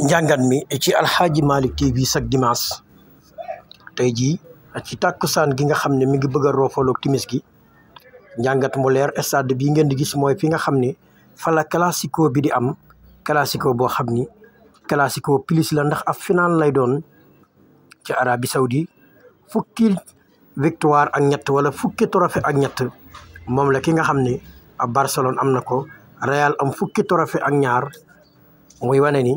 njàngat mi ci Alxaaji Malick TV chaque dimanche tey jii ci tàkkusaan gi nga xam ne mi ngi bëgg a roofaloog timis gi njàngat mu leer stade bi ngeen di gis mooy fi nga xam ne fa la bi di am classico boo xam ni classico plus la ndax ab final lay doon ci arabi Saoudi fukki victoire ak ñett wala fukki trophée ak ñett moom la ki nga xam ne ab Barcelone am na ko Real am fukki trophée ak ñaar muy wane ni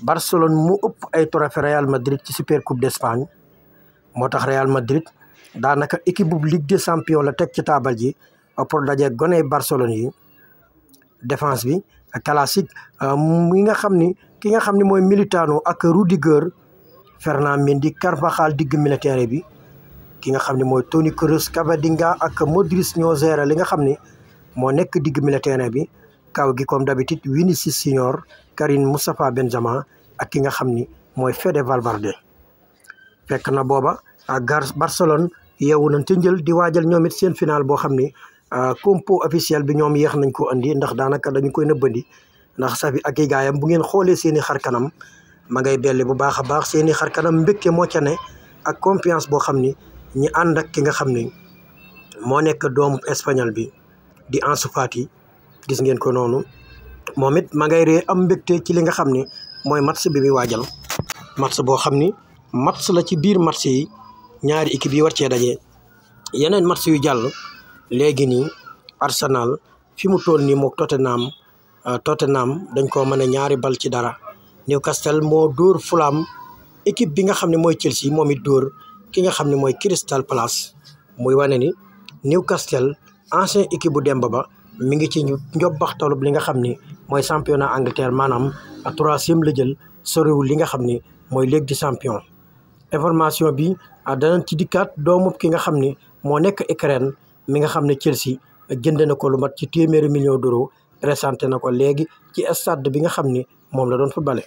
Barcelone mu ëpp ay trophée Real Madrid ci super coupe d'Espagne moo tax Real Madrid daanaka équipe bu Ligue de champions la teg ci taabal ji euh, pour daje gone Barcelone yi defence bi classique mi euh, nga xam ni ki nga xam ni mooy Militão ak Rudiger Fernand Mendy Carvajal digg militaire bi ki nga xam ni mooy Toni Kroos Camavinga ak Modric ñoo gérer li nga xam ni moo nekk digg militaire bi. kaw gi comme d'habitude Vinicius Junior Karim Moustapha Benzema ak ki nga xam ni mooy Fede Valverde fekk na booba a ah, gar Barcelone yeewu nañ ca jël di waajal ñoom seen final boo xam ni ah, compo officiel bi ñoom yéex nañ ko andi ndax daanaka dañu koy nëbbandi ndax Xavi ak i gaayam bu ngeen xoolee seen i xar kanam ma ngay belli bu baax a baax seen i xar kanam moo ca ne ak confiance boo xam ni ñi ànd ak ki nga xam ni moo nekk doomu espagnol bi di Ansu Fati gis ngeen ko noonu moom it ma ngay am mbégte ci li nga xam ni mooy match bi bi waajal match boo xam ni match la ci biir match yi ñaari équipe yi war cee daje yeneen match yu jàll léegi nii Arsenal fi mu toll nii moog Tottenham euh, Tottenham dañ koo mën a ñaari bal ci dara castel moo dóor Fulham équipe bi nga xam ne mooy Chelsea moom it dóor ki nga xam ne mooy Crystal Palace muy wane ni Newcastle ancien équipe bu demb Ba mi ngi ci njobbaxtalub li nga xam ni mooy championnat Angleterre maanaam à troisième la jël soriwul li nga xam ni mooy Ligue des champions information bi ah, danañ ci dikkaat doomu ki nga xam ni moo nekk Ukraine mi nga xam ne Chelsea jënd na ko lu mat ci téeméeri million d'euros présenté na ko léegi ci stade bi nga xam ni moom la doon footballé